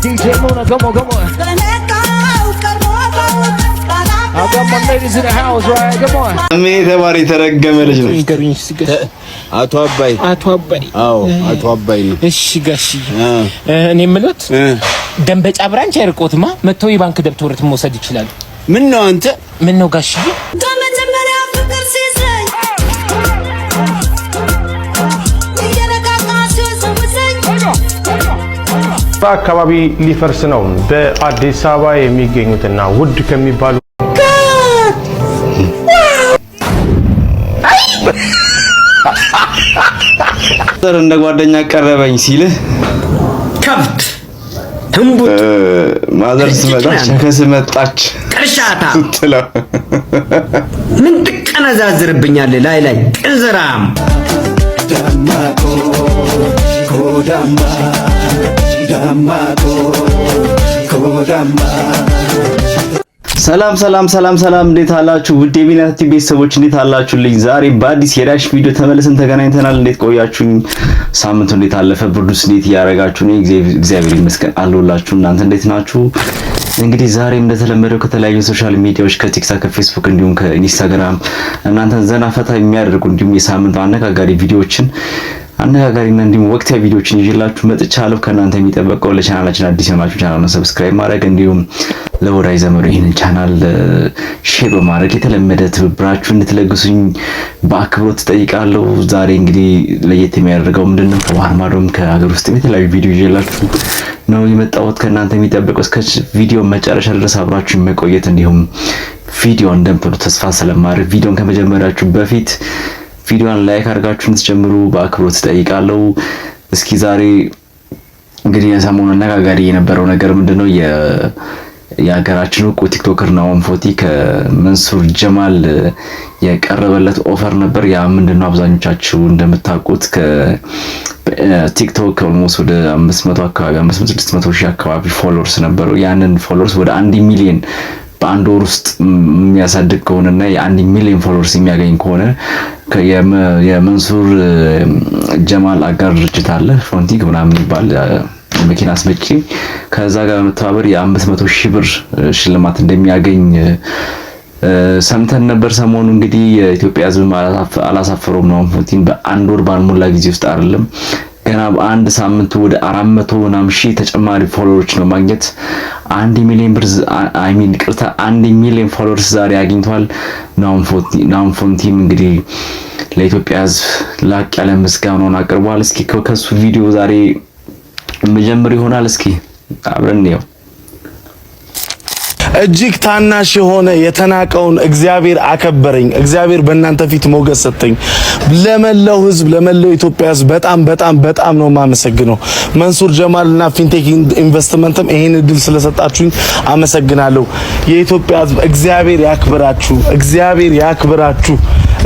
DJ Luna, come on, come on. I got my ladies in the house, right? Come on. የተረገመ ልጅ ነው። አቶ አባይ አቶ አባይ አዎ፣ አቶ አባይ ነው። እሺ ጋሽዬ፣ እኔ የምልዎት ደንበጫ ብራንች አይርቆትማ መተው የባንክ ደብተወርት መውሰድ ይችላል። ምን ነው አንተ ምን ነው ጋሽዬ አካባቢ ሊፈርስ ነው። በአዲስ አበባ የሚገኙትና ውድ ከሚባሉ ዘር እንደ ጓደኛ ቀረበኝ ሲል ከብት ትንቡት ማዘር ስመጣች ከስመጣች ቅርሻታ ስትለው ምን ትቀነዛዝርብኛለህ? ላይ ላይ ቅንዝራም ሰላም ሰላም ሰላም ሰላም፣ እንዴት አላችሁ? ውድ ቲቪ ቤተሰቦች እንዴት አላችሁልኝ? ዛሬ በአዲስ የዳሽ ቪዲዮ ተመልሰን ተገናኝተናል። እንዴት ቆያችሁኝ? ሳምንቱ እንዴት አለፈ? ብርዱስ እንዴት እያደረጋችሁ ነው? እግዚአብሔር ይመስገን አለሁላችሁ። እናንተ እንዴት ናችሁ? እንግዲህ ዛሬም እንደተለመደው ከተለያዩ ሶሻል ሚዲያዎች ከቲክታክ፣ ከፌስቡክ እንዲሁም ከኢንስታግራም እናንተን ዘና ፈታ የሚያደርጉ እንዲሁም የሳምንቱ አነጋጋሪ ቪዲዮዎችን አነጋጋሪና እንዲሁም ወቅታዊ ቪዲዮዎችን ይዤላችሁ መጥቻለሁ። ከእናንተ የሚጠበቀው ለቻናላችን አዲስ የሆናችሁ ቻናሉን ሰብስክራይብ ማድረግ እንዲሁም ለወዳጅ ዘመዶ ይህንን ቻናል ሼር በማድረግ የተለመደ ትብብራችሁ እንድትለግሱኝ በአክብሮት ጠይቃለሁ። ዛሬ እንግዲህ ለየት የሚያደርገው ምንድን ነው? ከባህር ማዶም ከሀገር ውስጥ የተለያዩ ቪዲዮ ይዤላችሁ ነው የመጣሁት። ከእናንተ የሚጠበቀው እስከ ቪዲዮ መጨረሻ ድረስ አብራችሁ መቆየት እንዲሁም ቪዲዮ እንደምትሉ ተስፋ ስለማድረግ ቪዲዮን ከመጀመሪያችሁ በፊት ቪዲዮን ላይክ አድርጋችሁ እንድትጀምሩ በአክብሮት ጠይቃለሁ እስኪ ዛሬ እንግዲህ የሰሞኑ አነጋጋሪ የነበረው ነገር ምንድነው? የሀገራችን እውቁ ቲክቶከር ናሆም ፎቲ ከመንሱር ጀማል የቀረበለት ኦፈር ነበር። ያ ምንድነው አብዛኞቻችሁ እንደምታውቁት ቲክቶክ ኦልሞስት ወደ 500 አካባቢ 500 600 ሺህ አካባቢ ፎሎወርስ ነበረው። ያንን ፎሎወርስ ወደ አንድ ሚሊዮን በአንድ ወር ውስጥ የሚያሳድግ ከሆነና የአንድ ሚሊዮን ፎሎወርስ የሚያገኝ ከሆነ የመንሱር ጀማል አጋር ድርጅት አለ ፎንቲክ ምናምን ይባል መኪና አስመጪ ከዛ ጋር በመተባበር የአምስት መቶ ሺህ ብር ሽልማት እንደሚያገኝ ሰምተን ነበር። ሰሞኑ እንግዲህ የኢትዮጵያ ሕዝብ አላሳፈረውም ነው ፎንቲን በአንድ ወር ባልሞላ ጊዜ ውስጥ አይደለም ገና በአንድ ሳምንት ወደ አራት መቶ ምናምን ሺህ ተጨማሪ ነው ማግኘት አንድ ሚሊዮን ብር አይ ሚን ቅርታ አንድ ሚሊዮን ፎሎወርስ ዛሬ አግኝቷል። ናሆም ፎንቲም እንግዲህ ለኢትዮጵያ ሕዝብ ላቅ ያለ ምስጋናውን አቅርቧል። እስኪ ከሱ ቪዲዮ ዛሬ መጀመር ይሆናል። እስኪ አብረን ያው እጅግ ታናሽ የሆነ የተናቀውን እግዚአብሔር አከበረኝ። እግዚአብሔር በእናንተ ፊት ሞገስ ሰጠኝ። ለመላው ህዝብ፣ ለመላው ኢትዮጵያ ህዝብ በጣም በጣም በጣም ነው የማመሰግነው። መንሱር ጀማልና ፊንቴክ ኢንቨስትመንትም ይሄን እድል ስለሰጣችሁኝ አመሰግናለሁ። የኢትዮጵያ ህዝብ እግዚአብሔር ያክብራችሁ፣ እግዚአብሔር ያክብራችሁ።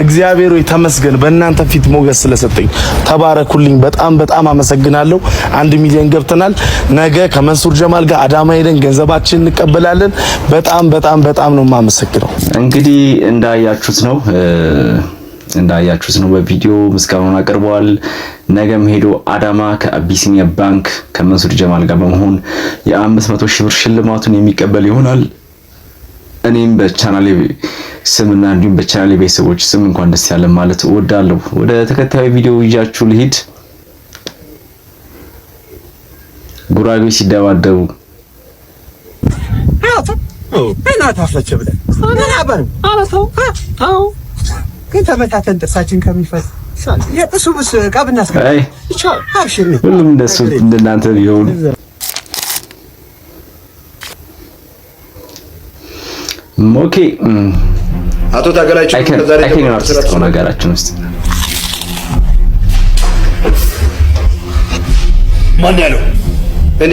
እግዚአብሔር ሆይ ተመስገን፣ በእናንተ ፊት ሞገስ ስለሰጠኝ ተባረኩልኝ። በጣም በጣም አመሰግናለሁ። አንድ ሚሊዮን ገብተናል። ነገ ከመንሱር ጀማል ጋር አዳማ ሄደን ገንዘባችን እንቀበላለን። በጣም በጣም በጣም ነው የማመሰግነው። እንግዲህ እንዳያችሁት ነው እንዳያችሁት ነው በቪዲዮ ምስጋናውን አቅርበዋል። ነገም ሄዶ አዳማ ከአቢሲኒያ ባንክ ከመንሱር ጀማል ጋር በመሆን የ500 ሺህ ብር ሽልማቱን የሚቀበል ይሆናል። እኔም በቻናሌ ስምና እንዲሁም በቻናሌ ቤተሰቦች ስም እንኳን ደስ ያለ ማለት እወዳለሁ። ወደ ተከታዩ ቪዲዮ ይዣችሁ ልሂድ። ጉራጌ ሲደባደቡ እና ታፈች ብለን ግን ተመታተን ጥርሳችን ከሚፈስ የጥሱ ብስ ቀብና ሁሉም እንደሱ እንደናንተ ቢሆን ኦኬ። አቶ ታገላችሁ አርቲስት ውስጥ ማን ያለው እኔ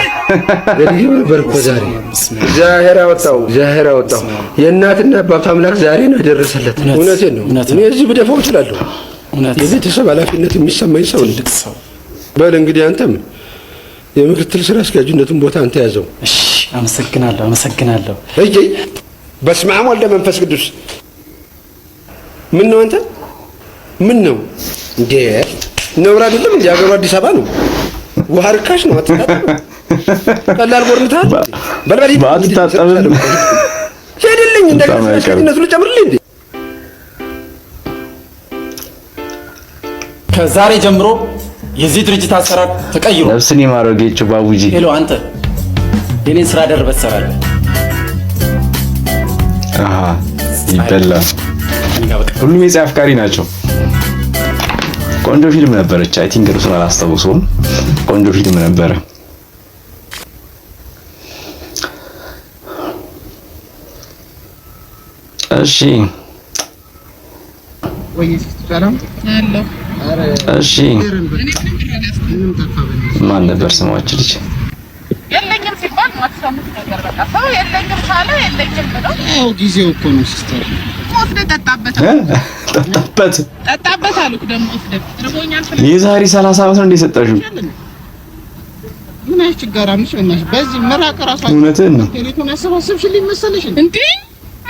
ነበር እኮ ዛሬ ዛሄራ ወጣው ዛሄራ ወጣው። የእናትና አባት አምላክ ዛሬን አደረሰለት። እውነቴን ነው። እኔ እዚህ ብደፋው እችላለሁ። የቤተሰብ ኃላፊነት የሚሰማኝ ሰው እንደ በል እንግዲህ አንተም የምክትል ስራ አስኪያጅነቱን ቦታ አንተ ያዘው። እሺ፣ አመሰግናለሁ፣ አመሰግናለሁ። እይ በስመ አብ ወልደ መንፈስ ቅዱስ። ምን ነው አንተ ምን ነው እንዴ? ነውር አይደለም እንዴ? ሀገሩ አዲስ አበባ ነው። ውሃ ርካሽ ነው። አትጣጣም ቀላል ጎርምታ በልበል ባትታጠብም ሄድልኝ እንደገና ስለሽነቱ ልጨምርልኝ እንዴ ከዛሬ ጀምሮ የዚህ ድርጅት አሰራር ተቀይሮ ነፍስን የማረው ጌቾ ባቡጂ ሄሎ አንተ የኔን ስራ ደርበህ ትሰራለህ አሃ ይበላል ሁሉም የፀሐይ አፍቃሪ ናቸው ቆንጆ ፊልም ነበረች አይ ቲንክ እርሱን አላስታውሰውም ቆንጆ ፊልም ነበረ እሺ እሺ ማን ነበር ስማችሁ? ልጅ የለኝም ሲባል ማትሰሙት ነገር በቃ ሰው የለኝም ካለ የለኝም ጊዜው እኮ ነው ሲስተር ጠጣበት ጠጣበት አልኩ። ደግሞ የዛሬ ሰላሳ ዓመት ነው እንደ ምን ችግር አምሽ በዚህ እውነትህን ነው። ያሰባሰብሽልኝ መሰለሽ እንዴ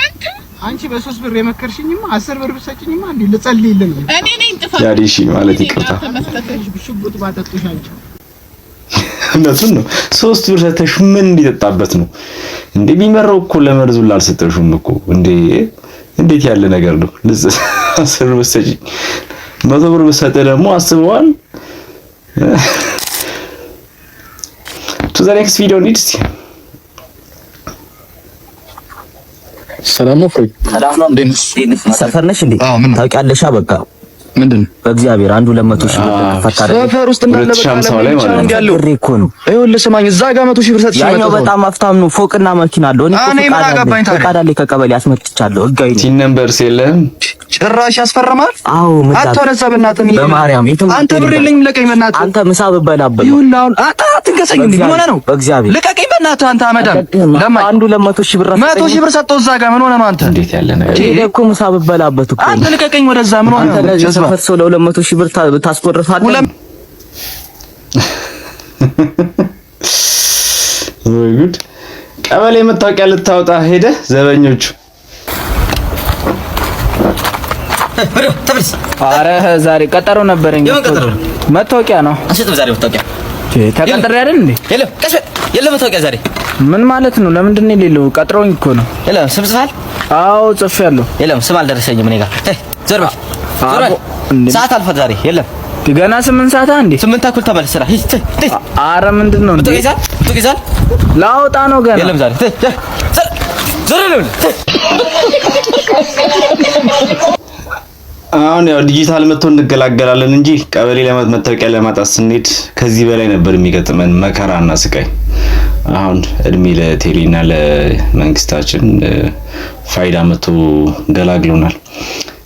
አንተ አንቺ በሶስት ብር የመከርሽኝማ አስር ብር ብሰጭኝማ እንዴ ልጸልይልህ ነው። እኔ ነኝ ጥፋት ያዲሽ ማለት ይቅርታ ሽጉጥ ባጠጡሽ አንቺ እውነቱን ነው። ሶስት ብር ሰተሽ ምን እንዲጠጣበት ነው እንዴ? ቢመረው እኮ ለመርዙ ላልሰጠሽም እኮ እንዴ! እንዴት ያለ ነገር ነው? አስር ብር ብሰጭኝ መቶ ብር ብሰጥ ደግሞ አስበዋል። ቱ ዘ ኔክስት ቪዲዮ ኒድስ ሰላም ነው። ፍሬ ሰላም ነው። እንዴት ነሽ? ሰፈር ነሽ እንዴ? ታውቂያለሽ? በቃ ምንድን በእግዚአብሔር አንዱ ለመቶ ሺህ ብር ፈታረ ሰፈር ውስጥ እንዳለ ስማኝ፣ እዛ ጋር መቶ ሺህ ብር ሰጥቼ ያኛው በጣም አፍታም ነው። ፎቅና መኪና አለው። እኔ ፈቃድ አለኝ ከቀበሌ አስመጥቻለሁ። ህጋዊ ቲን ነምበርስ የለም ጭራሽ ያስፈርማል። አዎ በማርያም አንተ ብር ልኝ ልቀቀኝ፣ በእናትህ አንተ ምሳ ብበላበት ይሁን። አሁን አትንገሰኝ፣ እንዲህ ምን ሆነህ ነው? በእግዚአብሔር ልቀቀኝ፣ በእናትህ አንተ አመዳም። ለማ አንዱ ለመቶ ሺህ ብር መቶ ሺህ ብር ሰጠው። እዛ ጋር ምን ሆነህ ነው አንተ? እንዴት ያለ ነገር እኮ ምሳ ብበላበት እኮ አንተ ልቀቀኝ፣ ወደዛ ምን ሆነህ ነው? አመት ሰው ለሁለት መቶ ሺህ ብር ታስቆርፋለህ። ወይ ጉድ! ቀበሌ መታወቂያ ልታወጣ ሄደ ዘበኞቹ። አረ ዛሬ ቀጠሮ ነበረኝ። መታወቂያ ነው ዛሬ ተቀጥሬ አይደል እንዴ? የለም መታወቂያ ዛሬ። ምን ማለት ነው? ለምንድን ነው የሌለው? ቀጥሮኝ እኮ ነው። የለም ስም ጽፈሃል? አዎ ጽፌያለሁ። የለም ስም አልደረሰኝም እኔ ጋር። ዘርባ ሰዓት አልፏል። ዛሬ የለም ገና ስምንት ሰዓት አንዴ ስምንት ተኩል ተመለስ። ስራ አረ ምንድን ነው ላውጣ ነው ገና የለም ዛሬ አሁን ያው ዲጂታል መጥቶ እንገላገላለን እንጂ ቀበሌ መታወቂያ ለማጣት ስንሄድ ከዚህ በላይ ነበር የሚገጥመን መከራና ስቃይ። አሁን እድሜ ለቴሪና ለመንግስታችን ፋይዳ መጥቶ ገላግሎናል።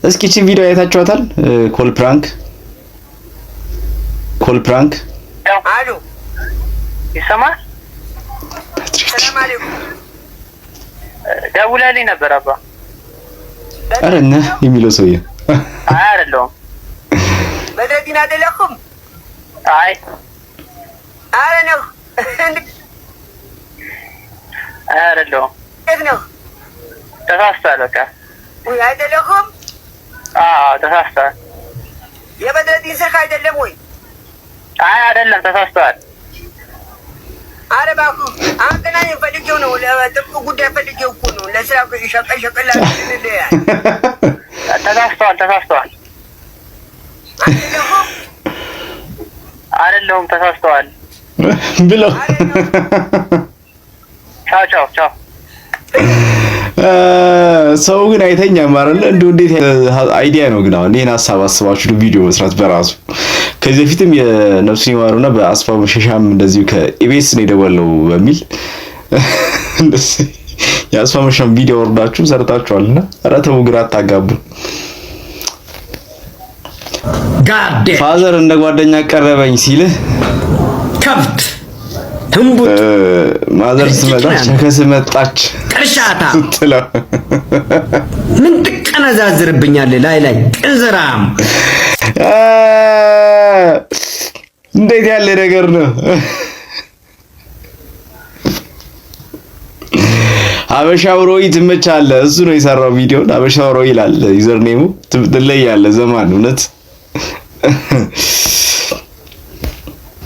እስኪ ቺን ቪዲዮ አይታችኋታል? ኮል ፕራንክ ኮል ፕራንክ አሉ ይሰማል። ሰላም ነበር አባ አረነ የሚለው ሰውዬ አይደለሁም። በደዲን አይደለሁም። አይ አረ ነው አይደለሁም። እንዴት ነው? ተሳስተሃል። በቃ ወይ አይደለሁም። አዎ ተሳስተሃል። የበደዲን ስልክ አይደለም ወይ? አይ አይደለም፣ ተሳስተሃል። አረ እባክህ አንተና እኔ ፈልጌው ነው። ለጥብቅ ጉዳይ ፈልጌው እኮ ነው። ለስራ ሸቀል ሸቀል ላል ተሳስተዋል ተሳስተዋል አይደለሁም ተሳስተዋል ብለው ቻው ቻው ቻው። ሰው ግን አይተኛም አይደለ? እንደው እንዴት አይዲያ ነው ግን አሁን ይሄን ሀሳብ አስባችሁ ቪዲዮ መስራት በራሱ ከዚህ በፊትም የነፍሱን ይማሩና በአስፋው መሸሻም እንደዚሁ ከኢቤስ ነው የደወለው በሚል እንደዚህ የአስፋመሻን ቪዲዮ ወርዳችሁ ሰርታችኋልና፣ ኧረ ተው፣ ግራ አታጋቡ። ፋዘር እንደ ጓደኛ ቀረበኝ ሲልህ ከብት ህንቡት ማዘር ስመጣች ከስ መጣች ቅርሻታ ስትለው ምን ትቀነዛዝርብኛለህ? ላይ ላይ ቅንዝራም እንዴት ያለ ነገር ነው? አበሻ አበሻው ሮይ አለ እሱ ነው የሰራው ቪዲዮን። አበሻ ሮይ ይላል ዩዘር ኔሙ። ትለያለህ ዘማን። እውነት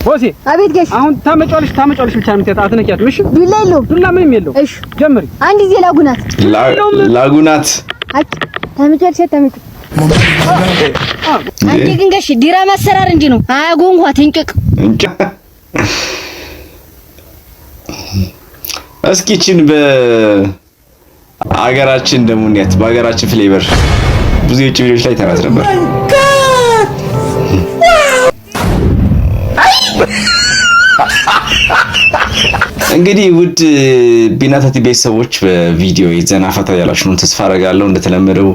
ቦሴ አቤት ጌሽ አሁን ታመጫለሽ ታመጫለሽ ብቻ ነው የምትያት። አትነኪያትም። እሺ ዱላ የለውም ዱላ ምንም የለውም። እሺ ጀምሪ። አንድ ጊዜ ላጉናት ላጉናት። አክ ታመጫለሽ ታመጭ አንቺ ግን ጌሽ ዲራማ አሰራር እንዲህ ነው። አያጎንኳት እንጭቅ እንጭቅ እስኪ ይህችን በአገራችን ደግሞ እንያት። በአገራችን ፍሌቨር ብዙ የውጭ ቪዲዮዎች ላይ ተራስ ነበር። እንግዲህ ውድ ቢናታቲ ቤተሰቦች በቪዲዮ የዘና ፈታ ያላችሁ ነው ተስፋ አደርጋለሁ። እንደተለመደው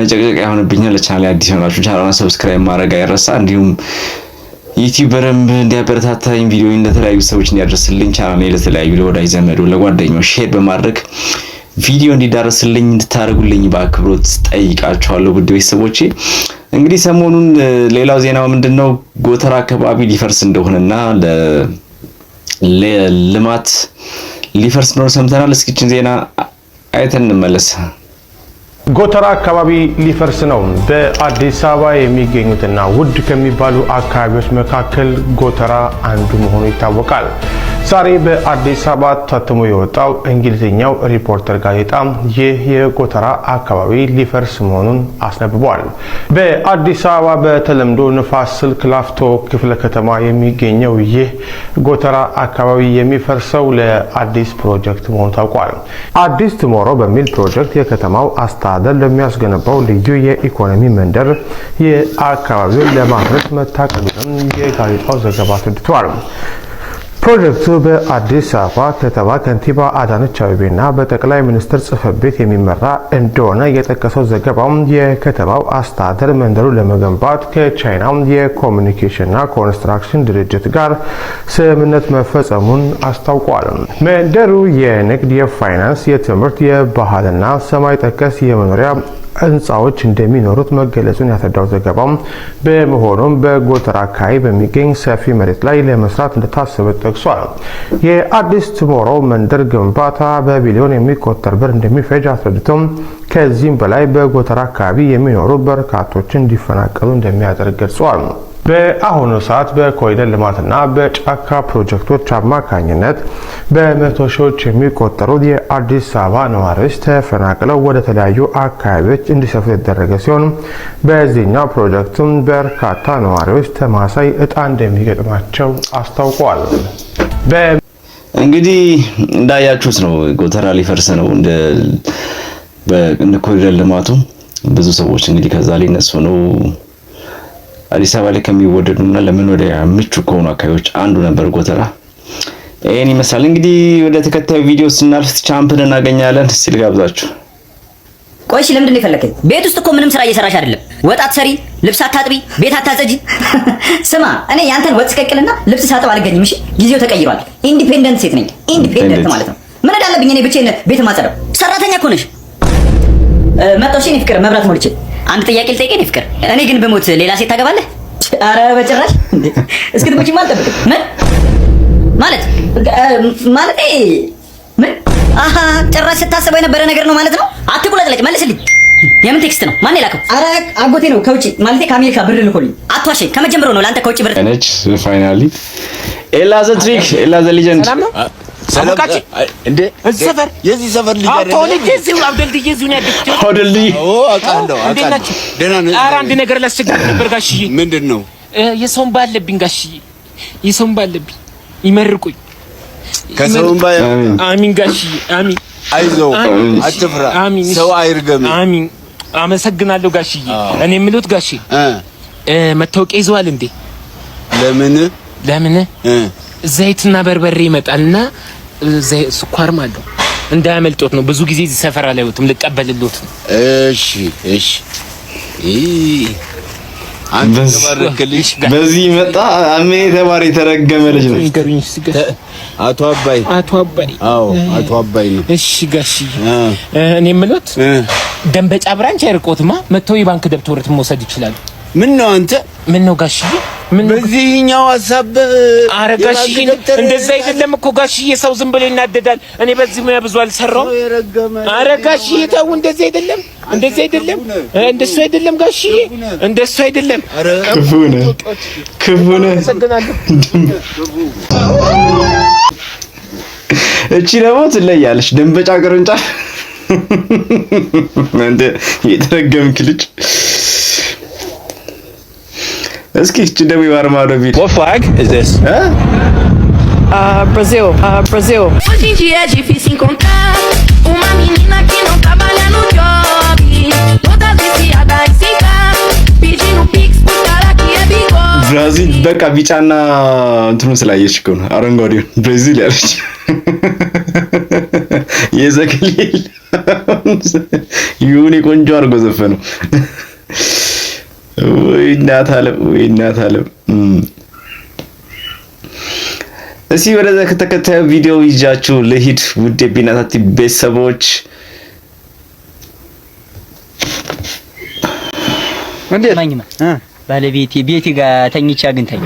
መጨቅጨቅ ያሆንብኛል። ለቻናል አዲስ ሆናችሁ ቻናሉን ሰብስክራይብ ማድረግ አይረሳ። እንዲሁም ዩቲዩበርም እንዲያበረታታኝ ቪዲዮ ለተለያዩ ሰዎች እንዲያደርስልኝ ቻናሌ ለተለያዩ ለወዳጅ ዘመዶ ለጓደኞች ሼር በማድረግ ቪዲዮ እንዲዳረስልኝ እንድታደርጉልኝ በአክብሮት ጠይቃችኋለሁ። ውድ ቤተሰቦቼ እንግዲህ ሰሞኑን ሌላው ዜናው ምንድን ነው? ጎተራ አካባቢ ሊፈርስ እንደሆነና ለልማት ሊፈርስ እንደሆነ ሰምተናል። እስኪችን ዜና አይተን እንመለስ። ጎተራ አካባቢ ሊፈርስ ነው። በአዲስ አበባ የሚገኙትና ውድ ከሚባሉ አካባቢዎች መካከል ጎተራ አንዱ መሆኑ ይታወቃል። ዛሬ በአዲስ አበባ ታትሞ የወጣው እንግሊዝኛው ሪፖርተር ጋዜጣ ይህ የጎተራ አካባቢ ሊፈርስ መሆኑን አስነብቧል። በአዲስ አበባ በተለምዶ ንፋስ ስልክ ላፍቶ ክፍለ ከተማ የሚገኘው ይህ ጎተራ አካባቢ የሚፈርሰው ለአዲስ ፕሮጀክት መሆኑ ታውቋል። አዲስ ትሞሮ በሚል ፕሮጀክት የከተማው አስተዳደር ለሚያስገነባው ልዩ የኢኮኖሚ መንደር የአካባቢውን ለማፍረስ መታቀዱንም የጋዜጣው ዘገባ አስረድቷል። ፕሮጀክቱ በአዲስ አበባ ከተማ ከንቲባ አዳነች አቤቤና በጠቅላይ ሚኒስትር ጽህፈት ቤት የሚመራ እንደሆነ የጠቀሰው ዘገባው የከተማው አስተዳደር መንደሩ ለመገንባት ከቻይና የኮሚኒኬሽንና ኮንስትራክሽን ድርጅት ጋር ስምምነት መፈጸሙን አስታውቋል። መንደሩ የንግድ፣ የፋይናንስ፣ የትምህርት፣ የባህልና ሰማይ ጠቀስ የመኖሪያ ህንፃዎች እንደሚኖሩት መገለጹን ያስረዳው ዘገባው በመሆኑም በጎተራ አካባቢ በሚገኝ ሰፊ መሬት ላይ ለመስራት እንደታሰበ ጠቅሷል። የአዲስ ትሞሮው መንደር ግንባታ በቢሊዮን የሚቆጠር ብር እንደሚፈጅ አስረድቶም ከዚህም በላይ በጎተራ አካባቢ የሚኖሩ በርካቶች እንዲፈናቀሉ እንደሚያደርግ ገልጿል። በአሁኑ ሰዓት በኮሪደር ልማትና በጫካ ፕሮጀክቶች አማካኝነት በመቶ ሺዎች የሚቆጠሩ የአዲስ አበባ ነዋሪዎች ተፈናቅለው ወደ ተለያዩ አካባቢዎች እንዲሰፍሩ የተደረገ ሲሆን በዚህኛው ፕሮጀክትም በርካታ ነዋሪዎች ተማሳይ እጣ እንደሚገጥማቸው አስታውቋል። እንግዲህ እንዳያችሁት ነው፣ ጎተራ ሊፈርስ ነው። እንደ ኮሪደር ልማቱ ብዙ ሰዎች እንግዲህ ከዛ ሊነሱ ነው አዲስ አበባ ላይ ከሚወደዱና ለመኖሪያ ምቹ ከሆኑ አካባቢዎች አንዱ ነበር ጎተራ። ይህን ይመስላል እንግዲህ። ወደ ተከታዩ ቪዲዮ ስናልፍ ቻምፕን እናገኛለን ሲል ጋብዛችሁ። ቆይሽ ለምንድን ነው የፈለከኝ? ቤት ውስጥ እኮ ምንም ስራ እየሰራሽ አይደለም። ወጣት ሰሪ፣ ልብስ አታጥቢ፣ ቤት አታጸጂ። ስማ እኔ ያንተን ወጥ ስቀቅልና ልብስ ሳጥብ አልገኝም። እሺ ጊዜው ተቀይሯል። ኢንዲፔንደንት ሴት ነኝ። ኢንዲፔንደንት ማለት ነው ምን እንዳለብኝ እኔ ብቻዬን ቤት ማጸደው? ሰራተኛ እኮ ነሽ። መጣሁ። እሺ እኔ ፍቅር መብራት ሞልቼ አንድ ጥያቄ ልጠይቀኝ ፍቅር፣ እኔ ግን በሞት ሌላ ሴት ታገባለህ? አረ በጭራሽ። እስክትሞቺም አልጠብቅም። ምን ማለት ማለት ምን? አሀ ጭራሽ ስታስበው የነበረ ነገር ነው ማለት ነው። አትቁለጥለጭ፣ መልስልኝ። የምን ቴክስት ነው? ማን የላከው? አረ አጎቴ ነው ከውጪ ማለቴ ከአሜሪካ ብር ልኮልኝ። አትዋሸኝ። ከመጀመሩ ነው ለአንተ ከውጪ ብር ነች። ፋይናሊ ኤላ ዘ ትሪክ ኤላ ዘ ሊጀንድ አንድ ነገር ላስቸግር ነበር ጋሽዬ። ምንድን ነው የሰውን ባለብኝ ጋሽዬ፣ የሰውን ባለብኝ ይመርቁኝ። ከሰውን ባለ አሚን ጋሽዬ፣ አሚን። አይዞህ አትፍራ፣ ሰው አይርገም። አሚን። አመሰግናለሁ ጋሽዬ። እኔ የምሉት ጋሽዬ መታወቂያ ይዘዋል እንዴ? ለምን ለምን ዘይትና በርበሬ ይመጣልና ስኳርም አለው። እንዳያመልጦት ነው። ብዙ ጊዜ እዚህ ሰፈር አላየሁትም። ልቀበልሎት ነው። እሺ፣ እሺ። በዚህ መጣ አሜን የተባረ የተረገመ ልጅ ነው። አቶ አባይ አቶ አባይ አዎ፣ አቶ አባይ ነው። እሺ ጋሺ፣ እኔ የምሎት ደንበጫ ብራንች አይርቆትማ መጥተው የባንክ ደብተወርት መውሰድ ይችላል። ምን ነው አንተ ምን ነው ጋሺ በዚህኛው ሀሳብ አረጋሽ እንደዛ አይደለም እኮ ጋሽዬ፣ ሰው ዝም ብሎ ይናደዳል። እኔ በዚህ ሙያ ብዙ አልሰራውም። አረጋሽዬ ተው፣ እንደዚህ አይደለም፣ እንደዚህ አይደለም፣ እንደሱ አይደለም ጋሽዬ፣ እንደሱ አይደለም። ክፉ ነህ፣ ክፉ ነህ። እቺ ደግሞ ትለያለች። ደንበጫ ቅርንጫፍ እንደ የተረገምክ ልጅ እስኪ እቺ ደግሞ የማርማዶ ቢል What flag is this? Ah, Brasil, ah Brasil. Hoje em dia é difícil encontrar uma menina que não trabalha no job. Toda viciada em cigarro, pedindo pix pro cara que é bigode. ብራዚል በቃ ቢጫና እንትኑን ስላየች እኮ ነው አረንጓዴውን ብራዚል ያለች የዘክሊል ይሁን የቆንጆ አድርጎ ዘፈነው። ወይ እናት ዓለም ወይ እናት ዓለም። እስኪ ወደዛ ከተከታዩ ቪዲዮ ይዣችሁ ልሂድ። ውድ የቢናታቲ ቤተሰቦች እንዴት ማኝማ ባለቤቴ ቤቴ ጋር ተኝቼ አግኝታኝ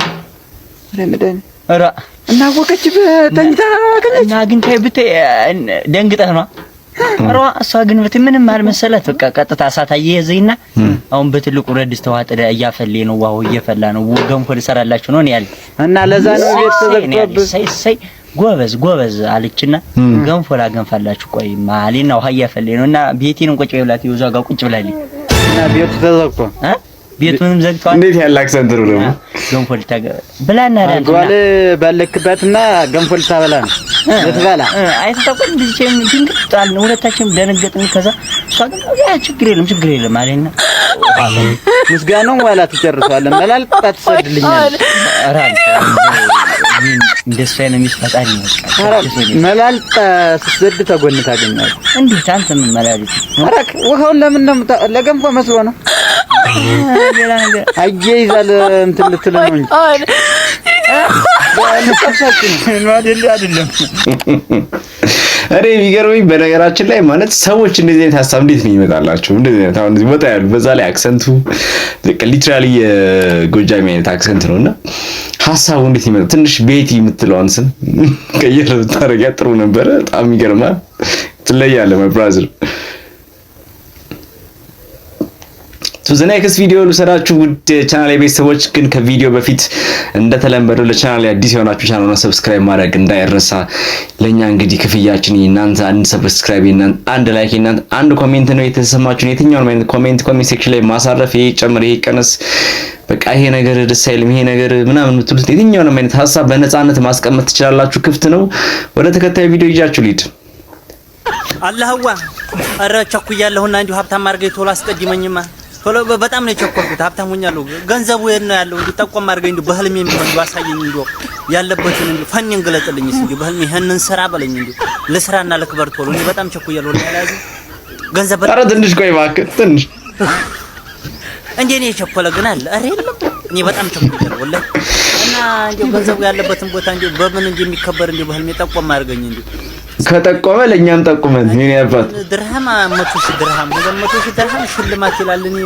እና አወቀች ብተኝታ አግኝታኝ ብታይ ደንግጠህ ነው ሯ እሷ ግን ብትይ ምንም አልመሰላት። በቃ ቀጥታ እሳት አያይዘኝና አሁን በትልቁ ረድስ ተዋጥደ እያፈሌ ነው ዋው እየፈላ ነው ገንፎ ልሰራላችሁ ነው ያለ እና ለዛ ነው ቤት ተዘግቶብህ ሳይ ጎበዝ ጎበዝ አለችና ገንፎ ላገንፋላችሁ ቆይ ማሊና ውሃ እያፈሌ ነው እና ቤቴንም ቁጭ ብላት ይወዛ ጋር ቁጭ ብላልኝ እና ቤቱ ተዘግቶ እ ቤቱንም ዘግቷል። እንዴት ያለ አክሰንትሩ ነው ደግሞ ገንፎ ልታገ ብላና አይደል ባለ ባለክበትና ገንፎ ልታበላ ነው ልትበላ ድንግጣል። ሁለታችንም ደነገጥን። ከዛ እሷ ግን ያ ችግር የለም ችግር የለም አለና ዋላ መላልጣ ትሰድልኛለች። ፈጣሪ መላልጣ ስትሰድ ተጎን ታገኛለህ። እንዴት አንተ ምን መላልጥ አራክ ውሃውን ለምን ነው ለገንፎ መስሎ ነው አየ ይዛል እንትን ልትል ነው እንጂ አይደለም። እኔ የሚገርመኝ በነገራችን ላይ ማለት ሰዎች እንደዚህ አይነት ሀሳብ እንዴት ነው ይመጣላቸው? እንደዚህ አይነት አሁን እዚህ ወጣ ያሉ በዛ ላይ አክሰንቱ ሊትራሊ የጎጃሚ አይነት አክሰንት ነው እና ሀሳቡ እንዴት ይመጣ? ትንሽ ቤቲ የምትለዋን ስም ቀየር ብታደርጊያ ጥሩ ነበረ። በጣም ይገርማል። ትለያለህ ማይ ብራዘር ዘ ኔክስት ቪዲዮ ልሰራችሁ ውድ ቻናል የቤተሰቦች። ግን ከቪዲዮ በፊት እንደተለመደው ለቻናል አዲስ የሆናችሁ ቻናሉን ሰብስክራይብ ማድረግ እንዳይረሳ። ለእኛ እንግዲህ ክፍያችን የእናንተ አንድ ሰብስክራይብ፣ የእናንተ አንድ ላይክ፣ የእናንተ አንድ ኮሜንት ነው። የተሰማችሁን የትኛውን አይነት ኮሜንት ኮሜንት ሴክሽን ላይ ማሳረፍ፣ ይሄ ጨምር፣ ይሄ ቀነስ፣ በቃ ይሄ ነገር ደስ አይልም፣ ይሄ ነገር ምናምን የምትሉት የትኛውንም አይነት ሀሳብ በነፃነት ማስቀመጥ ትችላላችሁ። ክፍት ነው። ወደ ተከታዩ ቪዲዮ ይዣችሁ ልሂድ። አላህዋ ኧረ ቸኩያለሁና እንዲሁ ሀብታም አድርገኝ ቶሎ አስቀድመኝማ ቶሎ በጣም ነው የቸኮልኩት። ሀብታም ሆኛለሁ። ገንዘቡ የት ነው ያለው? እንዲህ ጠቆም አድርገኝ፣ እንዲህ በህልሜ የሚሆን እንዲህ አሳየኝ፣ እንዲህ ያለበትን እንዲህ ፈኔን ግለጥልኝ፣ እንዲህ በህልሜ ይሄንን ስራ በለኝ፣ እንዲህ ልስራና ልክበር ቶሎ። እኔ በጣም ቸኩያለሁ። ለያዝ ገንዘብ በጣም ኧረ ትንሽ ቆይ እባክህ፣ ትንሽ እንዴ ነው የቸኮለ ግን አለ። ኧረ የለም እኔ በጣም ቸኩያለሁ ወላሂ። እና እንዲህ ገንዘቡ ያለበትን ቦታ እንዲህ በምን እንዲህ የሚከበር እንዲህ በህልሜ ጠቆም አድርገኝ እንዲህ ከጠቆመ ለእኛም ጠቁመን። ምን ያባት ድርሃም መቶ ሺህ ድርሃም መቶ ሺህ ድርሃም ሽልማት ይላል። እኔ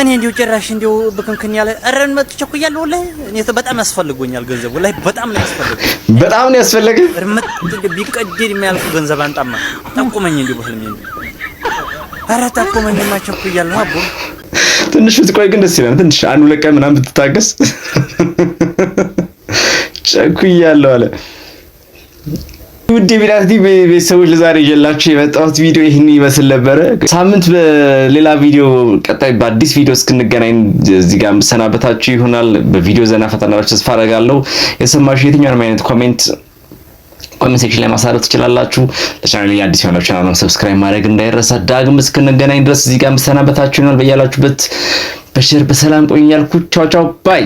እኔ እንዲሁ ጭራሽ እንዲሁ ብክንክን ያለ አረን መጥቼ ቸኩያለሁ። ወላሂ እኔ በጣም ያስፈልጎኛል ገንዘብ ወላሂ በጣም ነው ያስፈልገው። በጣም ነው ያስፈልገ እርምት ቢቀደድ የሚያልፉ ገንዘብ አንጣማ ጠቁመኝ፣ እንዲሁ በህልሜ እንዲሁ ኧረ ጠቁመኝማ ቸኩያለሁ። አቦ ትንሽ ብትቆይ ግን ደስ ይላል። ትንሽ አንድ ሁለት ቀን ምናምን ብትታገስ ቸኩያለሁ አለ ውድ የሚላት ቲቪ ቤተሰቦች ለዛሬ ይዤላችሁ የመጣሁት ቪዲዮ ይህን ይመስል ነበረ። ሳምንት በሌላ ቪዲዮ ቀጣይ በአዲስ ቪዲዮ እስክንገናኝ እዚህ ጋር የምሰናበታችሁ ይሆናል። በቪዲዮ ዘና ፈጠናላችሁ ተስፋ አደርጋለሁ። የሰማችሁ የትኛውንም አይነት ኮሜንት ኮሜንት ሴክሽን ላይ ማሳረፍ ትችላላችሁ። ለቻናል አዲስ የሆናችሁ ቻናሉን ሰብስክራይብ ማድረግ እንዳይረሳ። ዳግም እስክንገናኝ ድረስ እዚህ ጋር የምሰናበታችሁ ይሆናል። በያላችሁበት በሽር በሰላም ቆኛልኩ። እያልኩ ቻው ቻው ባይ